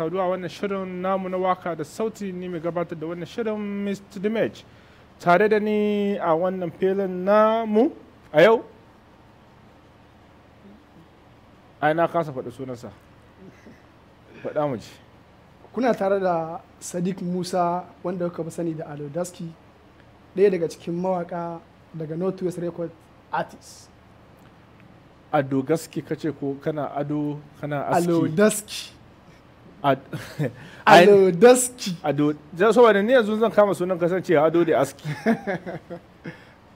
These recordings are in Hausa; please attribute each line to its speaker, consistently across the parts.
Speaker 1: saduwa wannan shirin namu na waka da sauti ne mai gabatar da wannan shirin Mr. Dimage tare da ni a wannan filin namu a yau ai na kasa faɗi sunansa faɗa mu ji kuna tare da sadiq musa
Speaker 2: wanda kuka fi sani da alodaski ɗaya daga cikin mawaka daga northwest record artist
Speaker 1: ado gaski kace ko kana ado kana aski alodaski ado daski ado saboda ni yanzu zan kama sunan kasance ado da aski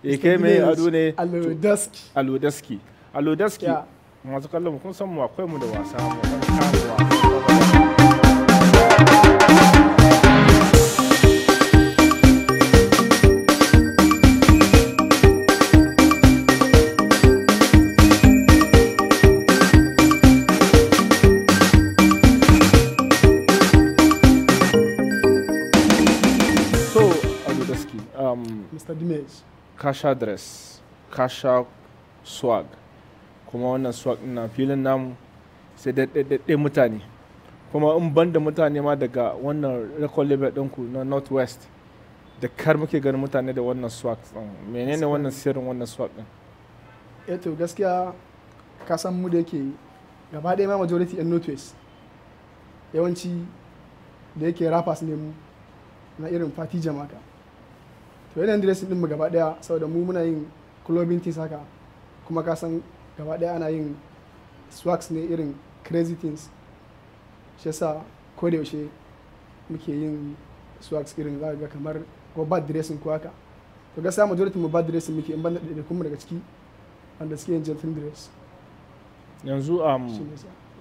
Speaker 3: e kai mai ado
Speaker 1: ne daski ado daski masu kallon kun san mu akwai mu da wasa mu kan da wasa kasha dress kasha swag kuma wannan swag na filin namu sai daɗaɗɗe mutane kuma in ban da mutane ma daga wannan record label ɗinku na northwest da kar muke ganin mutane da wannan swag ɗin menene wannan sirrin wannan swag ɗin
Speaker 2: eto eh gaskiya ka san mu da yake gaba ɗaya ma majority yan northwest yawanci da yake rappers ne mu na irin fati jamaka to yanayin dressing din mu gaba daya saboda mu muna yin clubbing things haka kuma ka san gaba daya ana yin swags ne irin crazy things shi yasa ko da yaushe muke yin swags irin za ga kamar ko bad dressing ko haka to gaskiya majority mu bad dressing muke in ban da kuma daga ciki wanda suke yin gentleman dress
Speaker 1: yanzu um,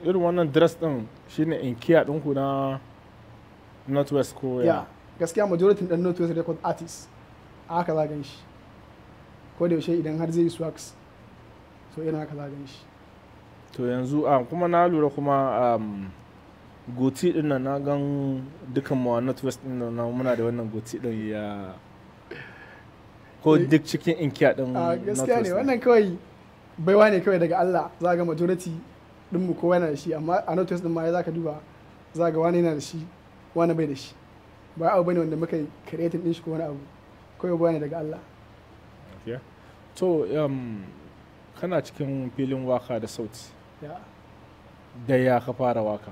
Speaker 1: irin wannan dress din shine kiya ɗinku na northwest ko ya
Speaker 2: gaskiya majority ɗan northwest record artist haka za gan shi ko da yaushe idan har zai yi swax so irin haka za gan shi
Speaker 1: to yanzu a ah, kuma na lura kuma goti din nan na gan dukan mu a northwest din nan muna da wannan goti din ya ko eh, duk cikin inkiya din a ah, gaskiya ne wannan
Speaker 2: kawai baiwa ne kawai daga Allah za ga majority din mu kowa yana da shi amma a northwest din ma za ka duba za ga wani yana da shi wani bai da shi ba abu bane wanda muka yi creating din shi ko wani abu koyarwa bayani daga Allah
Speaker 1: to um, kana cikin filin waka da sauti da ya ka fara waka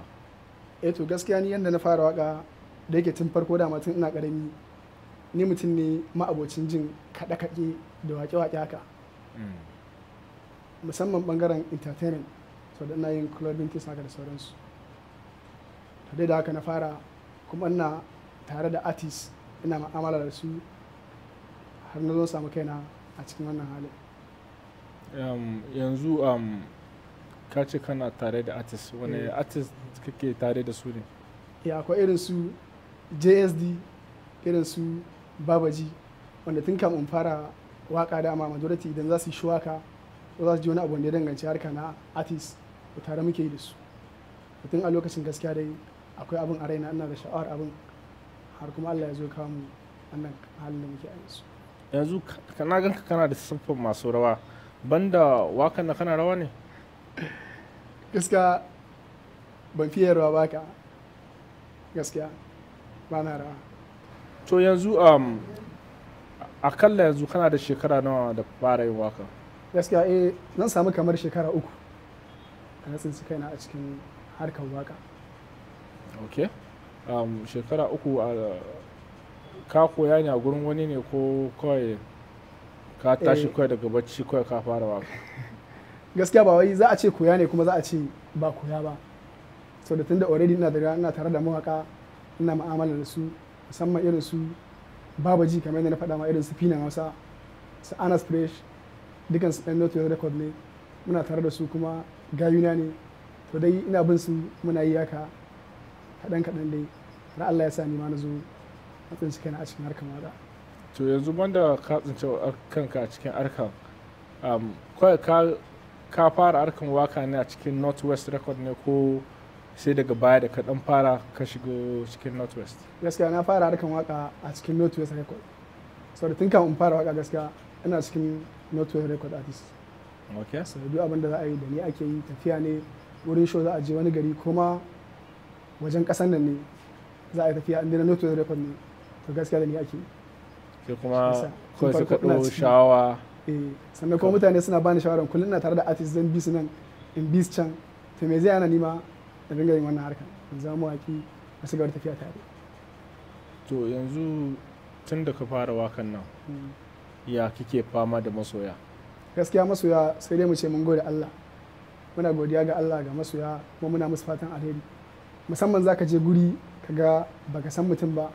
Speaker 2: eh to gaskiya ni yadda na fara waka da yake tun farko da tun ina karami ni mutum ne ma'abocin jin kaɗe-kaɗe da waƙe wake haka mm. musamman bangaren entertainment so da yin clubbing kiss haka da sauransu to dai da haka na fara kuma ina tare da artist ina ma'amala da su har na zo samu kaina a cikin wannan halin
Speaker 1: um, yanzu um, ka ce kana tare da artist wani yeah. artist kake tare da su ne
Speaker 2: ya eh, akwai irin su jsd irin su babaji wanda tun kamun fara waka dama majority idan za su yi shuwaka ko za su ji wani abu da ya danganci harka na artist ko tare muke yi da su tun a lokacin gaskiya dai akwai abin a raina ina da sha'awar abin har kuma allah ya zo kawo mu wannan halin da muke a yanzu
Speaker 1: yanzu kana ganka kana da siffar masu rawa banda wakan da kana rawa ne gaskiya
Speaker 2: ban fiye rawa ba ka gaskiya ba na rawa
Speaker 1: to yanzu um, akalla yanzu kana da shekara nawa da fara yin waka
Speaker 2: gaskiya eh zan samu kamar shekara uku na su kaina a cikin harkar waka
Speaker 1: ok um, shekara uku a uh, ka koya ne a gurin wani ne ko kawai ka tashi eh. kawai daga bacci kawai ka fara waka
Speaker 2: gaskiya ba wai za a ce koya ne kuma za a ce ba koya ba so da tunda already ina da ina tare da mawaka ina ma'amala da su musamman irin su ji kamar yadda na faɗa ma irin su fina hausa su anas fresh dukkan su ɗan record ne muna tare da su kuma gayuna ne to dai ina bin su muna yi haka kaɗan kaɗan dai har Allah ya sa ni ma na zo hatsinci cikin a cikin harkar maza
Speaker 1: to yanzu banda ka tsince kanka a cikin harkar um, kawai ka fara harkar waka ne a cikin northwest record ne ko sai daga baya da ka dan fara ka shigo cikin northwest
Speaker 2: gaskiya na fara harkar waka a cikin northwest record so da tun kafin in fara waka gaskiya ina cikin northwest record artist ok so duk abin da za a yi da ni ake yi tafiya ne wurin show za a je wani gari kuma wajen kasan nan ne za a yi tafiya inda na northwest record ne to gaskiya da ni ake ke kuma kawai suka kaɗo shawa eh, sannan kuma mutane suna bani shawarar kullum na tare da artist zan bi su nan in bi su can to me zai ana nima da dinga yin wannan harkar in za mu waki a su tafiya tare
Speaker 1: to yanzu tun da ka fara wakan nan hmm. ya kike fama da masoya
Speaker 2: gaskiya masoya sai dai mu ce mun gode Allah muna godiya ga Allah ga masoya kuma muna musu fatan alheri musamman zaka je guri kaga baka san mutum ba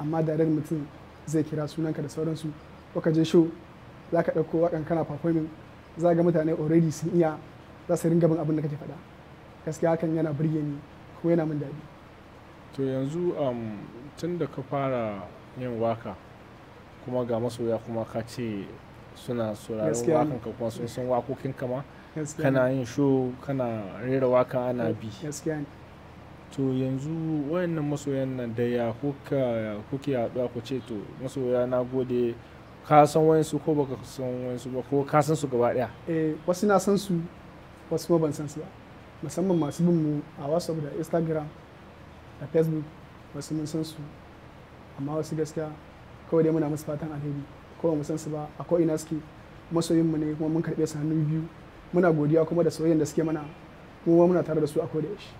Speaker 2: amma da mutum zai kira sunanka da sauransu kuka je show za ka ɗauko waƙan kana performing za ga mutane already sun iya za su ringa bin abin da kake faɗa gaskiya hakan yana birge ni kuma yana min daɗi
Speaker 1: to yanzu um, tun da ka fara yin waka kuma ga masoya kuma ka ce suna sauraron wakan ka kuma sun san wakokin kama kana yin show kana rera waka ana bi gaskiya ne to yanzu wayannan masoyan nan da ya kuke haɗuwa ku ce to masoya na gode ka san wayansu ko baka san wayansu ba ko ka san su gaba ɗaya eh wasu na san su wasu ma ban san su ba musamman masu bin mu
Speaker 2: a whatsapp da instagram da facebook wasu mun san su amma wasu gaskiya kawai dai muna musu fatan alheri ko mu san su ba a ko ina suke masoyin mu ne kuma mun karɓi su hannu biyu muna godiya kuma da soyayyen da suke mana kuma muna tare da su a da yaushe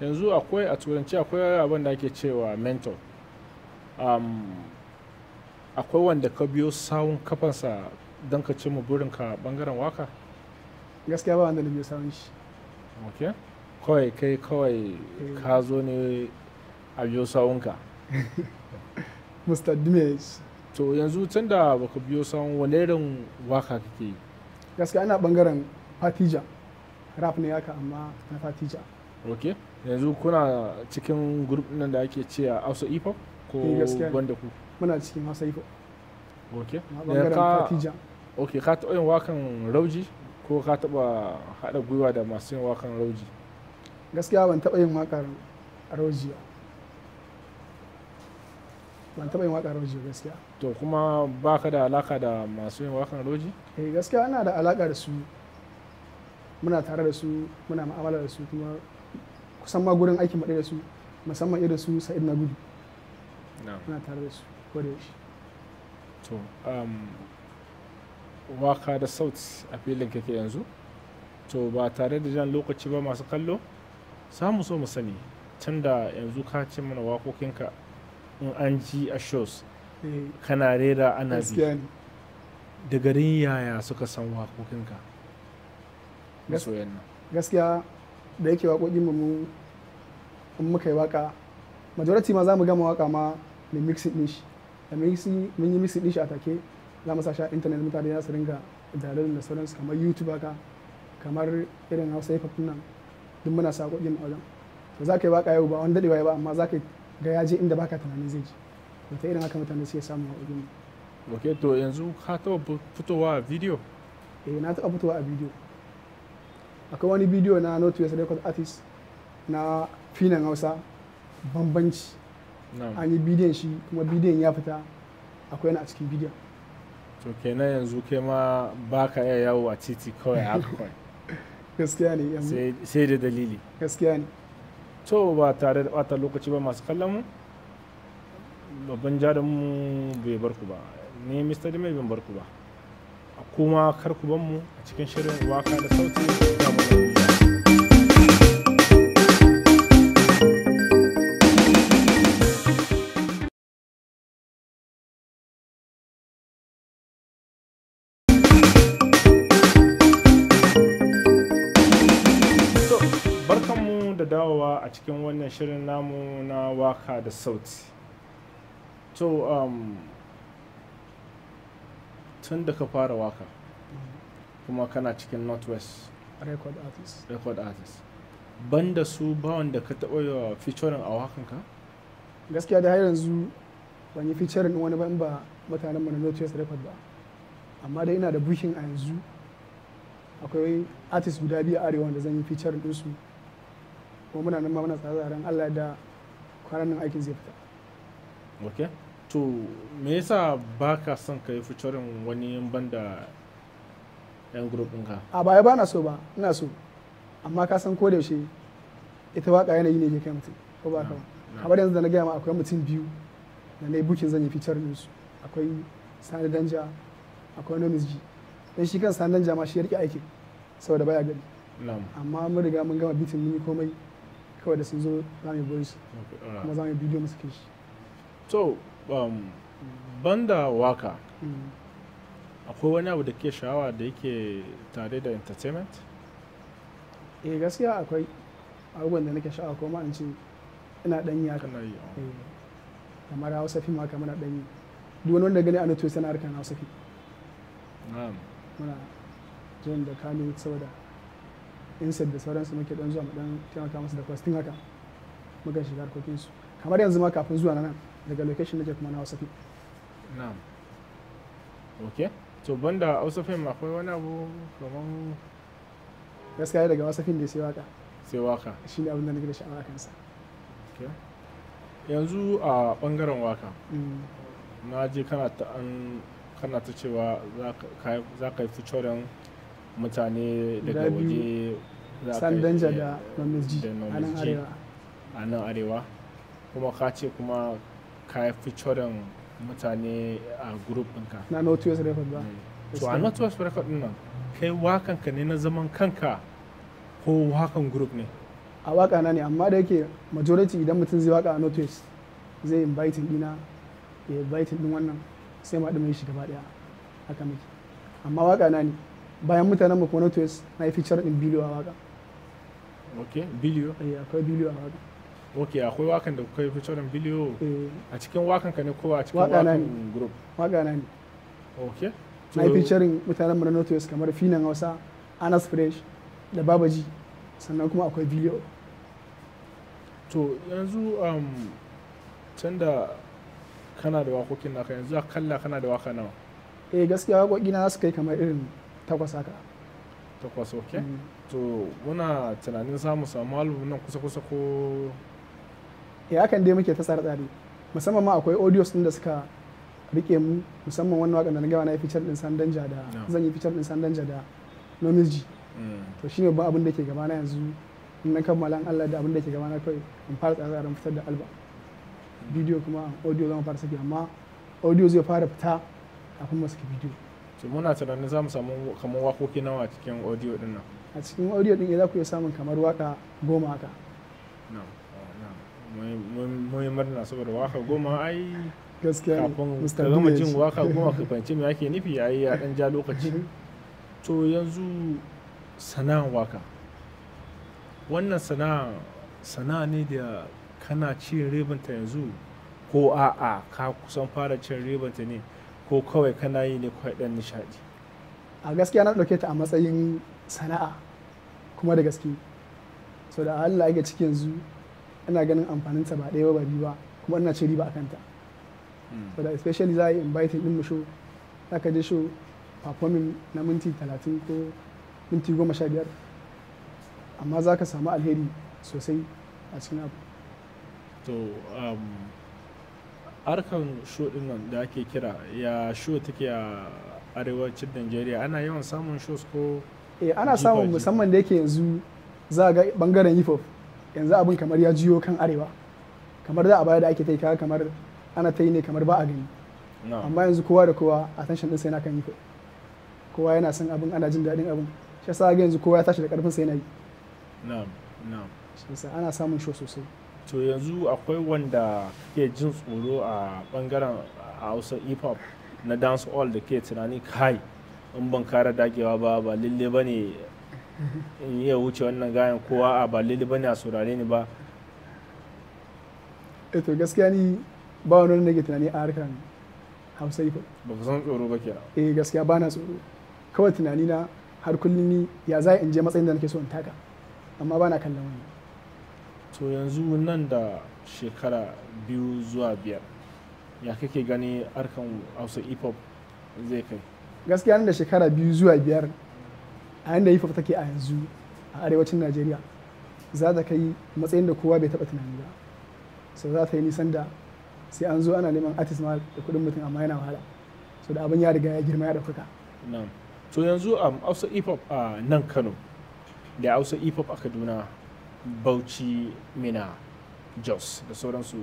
Speaker 1: yanzu akwai a turanci akwai abin da ake cewa mentor um, akwai wanda ka biyo sawun kafansa don ka ce mu ka bangaren waka
Speaker 2: gaskiya ba wanda na biyo sawun shi
Speaker 1: ok kawai kai kawai eh. ka zo ne a biyo sawunka mr dimes to yanzu tun da baka biyo sawun wani irin waka kake yi
Speaker 2: gaskiya ana bangaren fatija rap ne haka amma na fatija
Speaker 1: ok yanzu kuna cikin group nan da ake ce a hausa ifo ko eh, banda
Speaker 2: ku muna cikin hausa ifo ok ka
Speaker 1: ok ka taɓa yin wakan rauji ko ka taɓa haɗa gwiwa da masu yin wakan rauji
Speaker 2: gaskiya ban taɓa yin wakan rauji ban
Speaker 1: taɓa yin wakan rauji gaskiya to kuma ba ka da alaka da masu yin wakan rauji eh gaskiya
Speaker 2: ana da alaka da su muna tare da su muna ma'amala da su kuma kusan ma gurin aikin mu da su musamman irin su sa'id na gudu
Speaker 1: muna tare da su ko da yaushe to um, waka da saut a filin kake yanzu to ba tare da jan lokaci ba masu kallo samu so mu sani can da yanzu ka ce mana wakokinka in an ji a shows eh. kana rera ana bi da garin yaya suka san wakokinka masoyan
Speaker 2: nan gaskiya da yake waƙoƙin mu in muka yi waƙa majority ma za mu gama waƙa ma da mixing din shi da mun yi mixing din shi a take za mu sasha a intanet mutane za su ringa dalilin da sauransu kamar youtube haka kamar irin hausa ya fafi nan duk muna sa kuɗin wajen to za ka yi waƙa yau ba wani daɗewa ba amma za ka ga ya je inda baka tunanin zai ji to ta irin haka mutane suke samun waƙoƙin
Speaker 1: ok to yanzu ka taɓa fitowa a video
Speaker 2: eh na taɓa fitowa a video akwai wani bidiyo na North west record artist na finan hausa bambanci an yi bidiyon shi kuma bidiyon ya fita akwai na a cikin bidiyon
Speaker 1: to kenan yanzu ke ma ba ka iya yawo a titi kawai haka kawai gaskiya ne sai da dalili gaskiya ne to ba tare da bata lokaci ba masu kallon mu babban jarin mu bai bar ku ba ni mr dimai bai bar ku ba kuma kar ku ban mu a cikin shirin waka da sauti a cikin wannan shirin namu na waka da sauti to um, tun da ka fara waka kuma kana cikin northwest record artist record artist banda su ba wanda ka taɓa yi featuring a wakanka
Speaker 2: gaskiya da har yanzu ban yi featuring wani ban ba mutanen mu na northwest record ba amma dai ina da bukin a yanzu akwai artist guda biyu arewa wanda zan yi featuring ɗinsu kuma muna nan ma muna tsare ran Allah da kwanan nan aikin zai fita
Speaker 1: okay to me yasa ba ka son ka yi featuring wani banda yan group ka.
Speaker 2: a baya ba na so ba ina so amma ka san ko da yaushe ita waka yanayi ne ke kai mutum ko ba ka ba kamar yanzu da na gaya ma akwai mutum biyu da na yi bukin zan yi fitar su akwai sani danja akwai nomis ji don shi kan sani danja ma shi ya rike aikin saboda baya
Speaker 1: gani
Speaker 2: amma mun riga mun gama bitin mun yi komai kawai da sun zo za mu yi su kuma za mu yi bidiyo masu kishi.
Speaker 1: so um, banda waka hmm. akwai wani abu da ke sha'awa da yake tare da entertainment?
Speaker 2: eh gaskiya akwai abubuwan da nake sha'awa kuma in ce ina dan yi haka oh. eh, kamar hausa fim haka muna dan yi duk wanda gani a nutu sana'ar kan hausa fim muna zuwan da kano saboda insert da sauransu muke dan zuwa mu dan taimaka musu da fasting haka muka shiga harkokin su kamar yanzu ma kafin zuwa nan daga location nake kuma na
Speaker 1: wasafi na'am okay to banda wasafin akwai wani abu kaman gaskiya daga wasafin da sai waka sai waka shi ne abin
Speaker 2: da nake da sha'awa kansa
Speaker 1: yanzu a bangaren waka mm. na je kana ta cewa za ka yi featuring mutane daga waje sandanja da
Speaker 2: namiji a nan arewa
Speaker 1: a nan arewa kuma ka ce kuma ka yi featuring mutane a group ɗinka
Speaker 2: na notius record ba mm. to a notius
Speaker 1: record ɗin nan kai wakan ka ne na zaman kanka ko wakan group ne
Speaker 2: a waka na ne amma da yake majority idan mutum zai waka a notius zai invite dina ya invite din wannan sai ma ɗin shi gaba ɗaya haka muke amma waka na ne bayan mutanen mu kuma na na yi feature din biliyo a waka
Speaker 1: ok biliyo eh akwai biliyo a waka ok akwai wakan da kuka yi feature din biliyo eh. a cikin wakan ka ne ko a cikin wakan
Speaker 2: group waka na ne ok na yi feature mutanen mu na twist kamar finan hausa anas fresh da babaji sannan kuma akwai biliyo
Speaker 1: to yanzu um, can da kana da wakokin naka yanzu a kalla kana da waka nawa
Speaker 2: eh gaskiya wakokina na su kai kamar irin takwas
Speaker 1: haka takwas ok mm. to muna tunanin za mu samu album nan kusa-kusa ko
Speaker 2: ya eh, hakan dai muke ta tsare-tsare musamman ma akwai audios din da suka rike mu musamman wannan wakan da na gaba na yi fitar din danja da zan yi fitar din danja da nomiji mm. to shine ba abin da ke gaba na yanzu in na kammala Allah da abin da ke gaba na kai in fara tsare fitar da alba mm. bidiyo kuma audio zama fara saki amma audio zai fara fita kafin mu saki bidiyo
Speaker 1: to muna tunanin za mu samu kamar wakoki nawa a cikin audio din nan
Speaker 2: a cikin audio din za ku iya samun kamar waka goma haka
Speaker 1: mun murna saboda waka goma ai gaskiya kafin ka gama jin waka goma ka fahimci me ake nufi ai ya dan ja lokaci mm-hmm. to yanzu sana'an waka wannan sana'a sana'a ne da kana cin ribanta yanzu ko a'a ka kusan fara cin ribanta ne ko kawai kana yi ne kawai dan nishadi
Speaker 2: a gaskiya na ɗauke ta a matsayin sana'a kuma da gaske so da Allah ga ciki yanzu ina ganin amfanin ta ba ɗaya ba biyu ba kuma ina ci riba akan ta hmm. so da especially za a yi inviting din musho za ka je show performing na minti talatin ko minti goma sha biyar amma za ka samu alheri sosai a cikin abu
Speaker 1: to um, harkan sho din nan da ake kira ya sho take a arewacin Najeriya ana yawan samun shows ko
Speaker 2: eh ana samun musamman da yake yanzu za ga bangaren hip hop yanzu abin kamar ya jiyo kan arewa kamar da a baya da ake tai kaga kamar ana ta yi ne kamar ba a gani amma yanzu kowa da kowa attention din sai na kan hip hop kowa yana son abin ana jin daɗin abin shi yasa ga yanzu kowa ya tashi da karfin sai yana yi
Speaker 1: na'am na'am shi yasa ana samun show sosai to yanzu akwai wanda ke jin tsoro a bangaren hausa hip hop na dance hall da ke tunani kai in ban kara dagewa ba ba lalle ba ne in iya wuce wannan gayan kowa a ba lalle ba ne a saurare ni ba
Speaker 2: eto eh gaskiya ni ba wani wanda ke tunani a harkar hausa hip hop
Speaker 1: ba ku san tsoro ba ke.
Speaker 2: eh gaskiya ba na tsoro kawai tunani na har kullum ni ya za in je matsayin da nake so in taka amma ba na kallon wani
Speaker 1: to yanzu nan da shekara biyu zuwa biyar ya kake gani harkan hausa hip hop zai kai
Speaker 2: gaskiya nan da shekara biyu zuwa biyar a yanda hip hop take a yanzu a arewacin najeriya za ta kai matsayin da kowa bai taɓa tunani ba sau za ta yi nisan da sai an zo ana neman artist ma da kuɗin mutum amma yana wahala so da abin ya riga ya girma ya ɗaukaka
Speaker 1: to yanzu a um, hausa hip hop a nan kano da hausa hip hop a kaduna bauchi mina jos da sauransu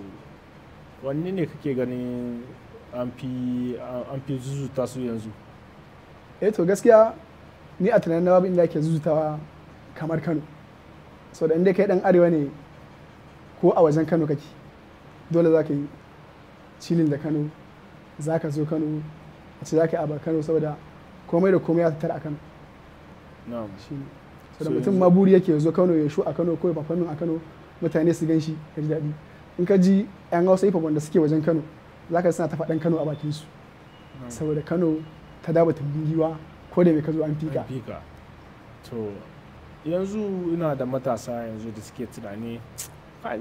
Speaker 1: wanne ne kake ganin an fi zuzuta su yanzu eh to gaskiya
Speaker 2: ni a tunanin na inda ake zuzutawa kamar kano so da inda kai dan arewa ne ko a wajen kano kake dole za ka yi cilin da kano za ka zo kano a ce za ka yi abar kano saboda komai da komai ya tattara a kano saboda mutum ma buri yake zo Kano ya shu a Kano ko ya a Kano mutane su ganshi ka ji daɗi in ka ji yan Hausa ifa wanda suke wajen Kano ka suna ta faɗan Kano a bakin su saboda Kano ta daba giwa ko da mai ka zo an fika
Speaker 1: to yanzu ina da matasa yanzu da suke tunani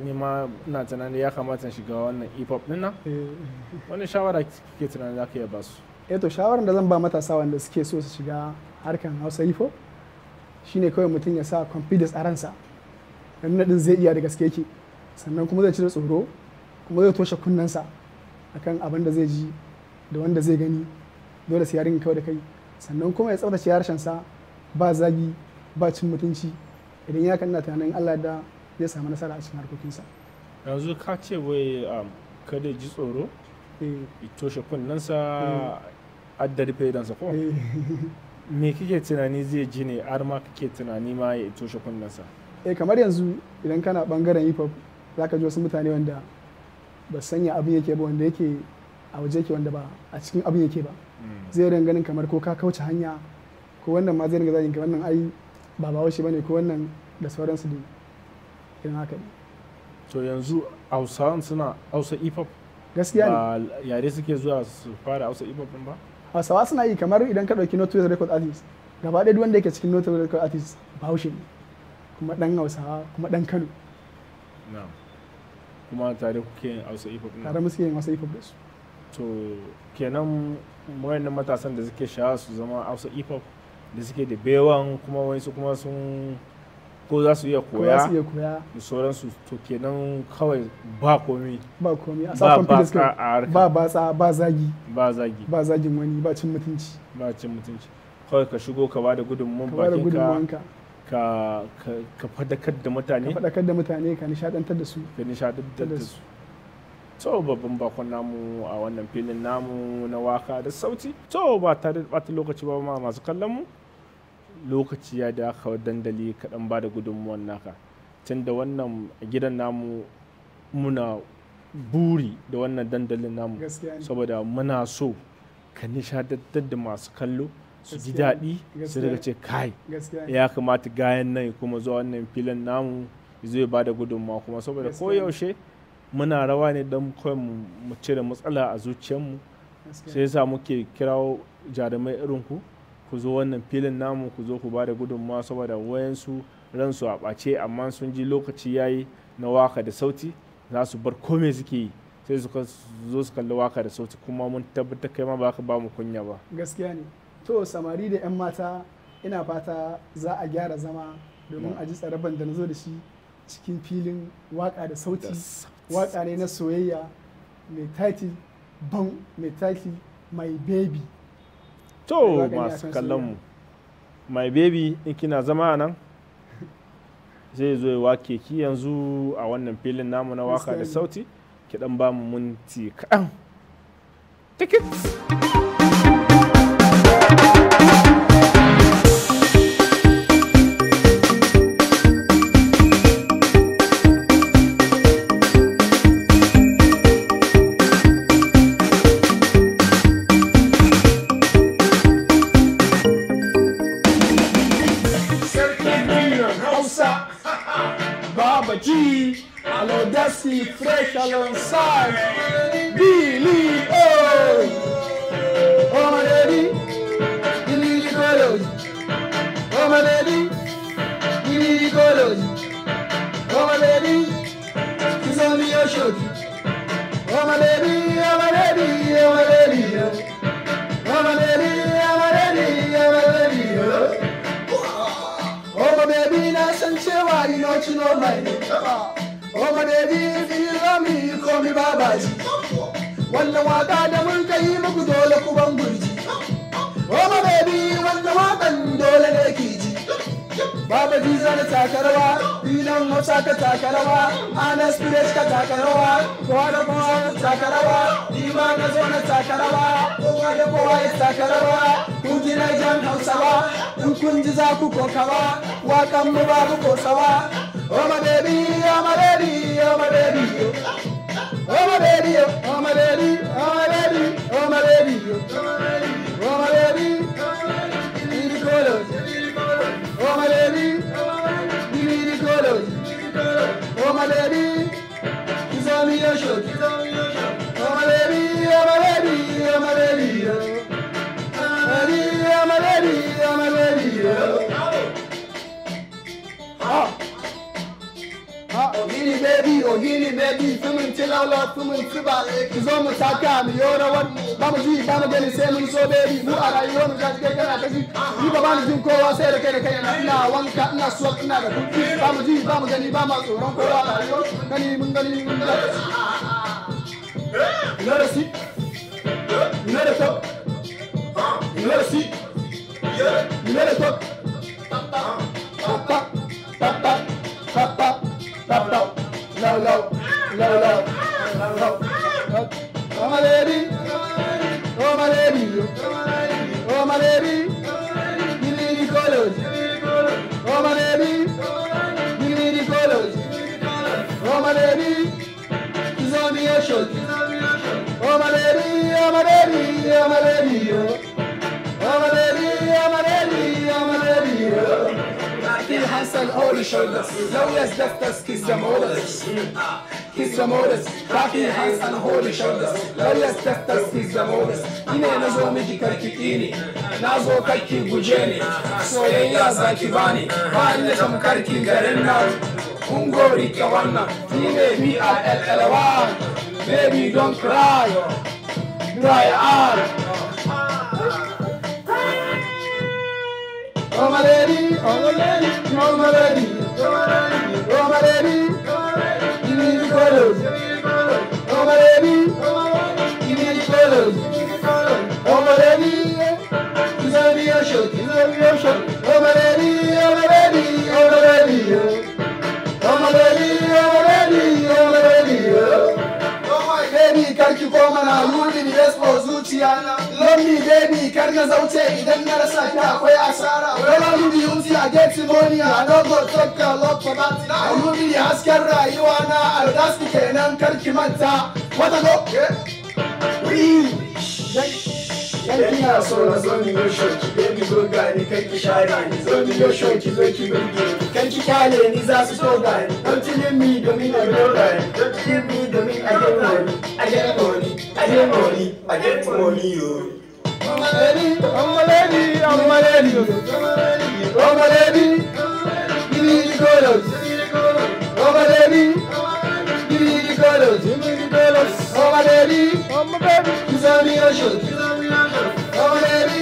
Speaker 1: ne ma ina tunani ya kamata shiga wannan hip-hop din eh. wani shawara kike tunani za ka iya basu
Speaker 2: eh to shawaran da zan ba matasa wanda suke so su shiga harkan hausa hip-hop shine kawai mutum ya sa confidence a ransa ya nuna zai iya da gaske yake sannan kuma zai da tsoro kuma zai toshe kunnensa akan abin da zai ji da wanda zai gani dole sai ya kawai da kai sannan kuma ya tsaftace harshensa ba zagi ba cin mutunci idan ya kanna tunanin Allah da zai samu nasara
Speaker 1: a cikin harkokinsa yanzu ka ce wai um, kada ji tsoro eh. ya toshe kunnensa eh. addari faidansa ko eh. me kike tunani zai ji ne har ma kake tunani ma ya toshe kunnensa
Speaker 2: eh kamar yanzu idan kana bangaren hip hop zaka ji wasu mutane wanda ba sanya abin yake ba wanda yake a waje yake wanda ba a cikin abin yake ba hmm. zai ringa ganin kamar ko ka kauce hanya ko wannan ma zai ringa zagin ka wannan ai ba ba washe bane ko wannan da sauransu ne irin haka ne
Speaker 1: to yanzu hausawan suna hausa hip hop gaskiya ne yare suke zuwa su fara hausa hip hop din ba
Speaker 2: hausawa suna yi kamar idan ka ɗauki notorious record artist gaba ɗaya wanda yake cikin notorious record artist bahaushe ne kuma ɗan hausawa kuma ɗan kano
Speaker 1: kuma tare kuke yin hausa hip tare muke
Speaker 2: yin hausa hip da su
Speaker 1: to kenan wayannan matasan da suke sha su zama hausa hip da suke da bewan kuma wani su kuma sun ko za su iya koya da sauransu to kenan kawai ba komi
Speaker 2: ba komi a sakon ba ba batsa ba
Speaker 1: zagi ba zagi ba zagin wani ba cin mutunci ba cin mutunci kawai ka shigo ka ba da gudunmuwan bakin ka ka ka fadakar da mutane ka fadakar
Speaker 2: da mutane ka nishadantar da su ka
Speaker 1: nishadantar da su to babban bakon namu a wannan filin namu na waka da sauti to ba tare da bata lokaci ba ma masu kallon mu lokaci ya da ka dandali kaɗan ba da gudunmuwan naka tun da wannan gidan namu muna buri da wannan dandalin namu saboda muna so ka nishadantar da masu kallo su ji daɗi su daga ce kai ya kamata gayan nan kuma zuwa wannan filin namu zai ba da gudunmuwa kuma saboda koyaushe muna rawa ne don kawai mu cire matsala a zuciyarmu sai yasa muke kirawo jarumai irin ku ku zo wannan filin namu ku zo ku ba da gudunmawa saboda wayansu ransu a ɓace amma sun ji lokaci yayi na waka da sauti za su bar kome suke yi sai su zo su kalli waka da sauti kuma mun tabbatar kai ma ba ka ba mu kunya ba
Speaker 2: gaskiya ne to samari da yan mata ina fata za a gyara zama domin a ji tsaraban da na zo da shi cikin filin waka da sauti waka ne na soyayya mai title ban mai title my baby
Speaker 1: to masu kallon mu my baby in kina zama a nan zai zo wa keki yanzu a wannan filin namu na waka da sauti ki dan ba mu minti kaɗan tickets
Speaker 3: Musa, Baba G, Alodesi, fresh alongside, Billy O. Oh my daddy, you need to go Oh my daddy, you need to go Oh my daddy, she's on the ocean. Oh my daddy, oh my daddy, oh my daddy. Oh. Oh, baby, san cewa you know you know my name. Oh my baby, if you love me, you call me Babaji. Wannan waka da mun kai muku dole ku ban gurji. Oh my baby, wannan wakan dole ne ki Baba Jesus ka taka rawa, Dinan Hausa ka taka rawa, Anas Pires ka taka rawa, kowa da ka taka rawa, Dima na zo na taka rawa, kowa da kowa ya taka rawa, kun na jan Hausawa, Kun kun ji za ku kokawa, wakan mu babu kosawa. Oh my baby, oh my baby, oh my baby, oh my baby, oh my baby, oh my baby, oh my baby. Oh my baby. my baby. Kiss on me, your show. Kiss on me, your Ogini baby, ogini baby, filming till I love filming triba. Cause I'm a taka, me yoda what? Bama G, Bama Gelly, same as so baby. Who are you on the guy? You Bama Jim Kola, say the Kenya Kenya. Now, one cat, not swap, not a good thing. Bama G, Bama Gelly, Bama, so don't go out. Gani, Mungani, Mungani. You know the seat? You know the top? You know the seat? You know the top? lọ́wọ́ lọ́wọ́ lọ́wọ́ ọmọlẹ́rí ọmọlẹ́rí ọmọlẹ́rí gírígí kọ́lọ̀sì ọmọlẹ́rí oh kọ́lọ̀sì ọmọlẹ́rí ìzọ́ni oṣòdì ọmọlẹ́rí ọmọlẹ́rí ọmọlẹ́rí yóò. and holy shoulders. Now we are just as kiss your mothers. Kiss the mothers. your hands and holy shoulders. Now we are just as kiss your mothers. Ine na zo miki karki ini Na zo kakki guje ni. Soyayya za ki bani. Ba ni tamkar ki garin nan. Kun Ine ke wannan. Ni ne B-I-L-L-Y. Baby don't cry.
Speaker 1: Cry out.
Speaker 3: ọmọlẹ́rí ọmọlẹ́rí ọmọlẹ́rí ọmọlẹ́rí ìmìlì kọlọ ọmọlẹ́rí ìmìlì kọlọ ọmọlẹ́rí ìsọ̀bí oṣù ìsọ̀bí oṣù ọmọlẹ́rí ọmọlẹ́rí ọmọlẹ́rí ọmọlẹ́rí ọmọlẹ́rí ọmọlẹ́rí ọmọlẹ́rí kárìkì kọ́ ọmọ náà lórí ní ẹ̀sìn ọ̀zú ti àná. do baby, kar na idan na rasa ta akwai asara. Don't be a get money, I go talk a lot for that. I will hasken rayuwa na aldaski kenan kar ki manta. What go. Yan ina so na zo ni yo shoki, baby zo gani kai ki share ni, zo ni yo shoki zo ki birge kan ki kyale ni za su so gani, don tilin mi domin a yau gani, don tilin mi domin a yau gani, a yau gani. I get money, I get money, yo. me ọmọlẹ́ni ọmọlẹ́ni ọmọlẹ́ni kirikolo ọmọlẹ́ni kirikolo ọmọlẹ́ni kisami oṣù ọmọlẹ́ni.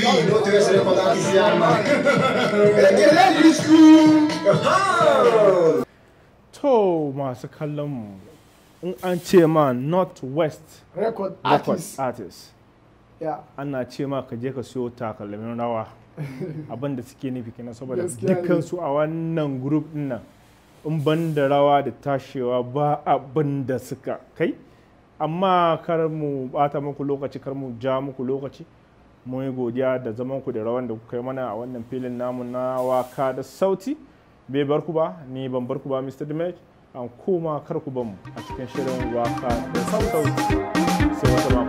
Speaker 3: fille doit te rester pendant qu'il y a jusqu'où
Speaker 1: To masu kallon mu in an ce ma Northwest Record, record Artist. Ana ce ma ka je ka siyo takalmin rawa abin da suke nufi kenan saboda dukkan a wannan group din nan in ban da rawa da tashewa ba abin da suka kai amma kar mu bata muku lokaci kar mu ja muku lokaci mun yi godiya da zaman ku da rawan da kuka yi mana a wannan filin namu na waka da sauti bai bar ku ba ni ban bar ku ba Mr. Dimek an koma kar ku ban mu a cikin shirin waka da sauti sai wata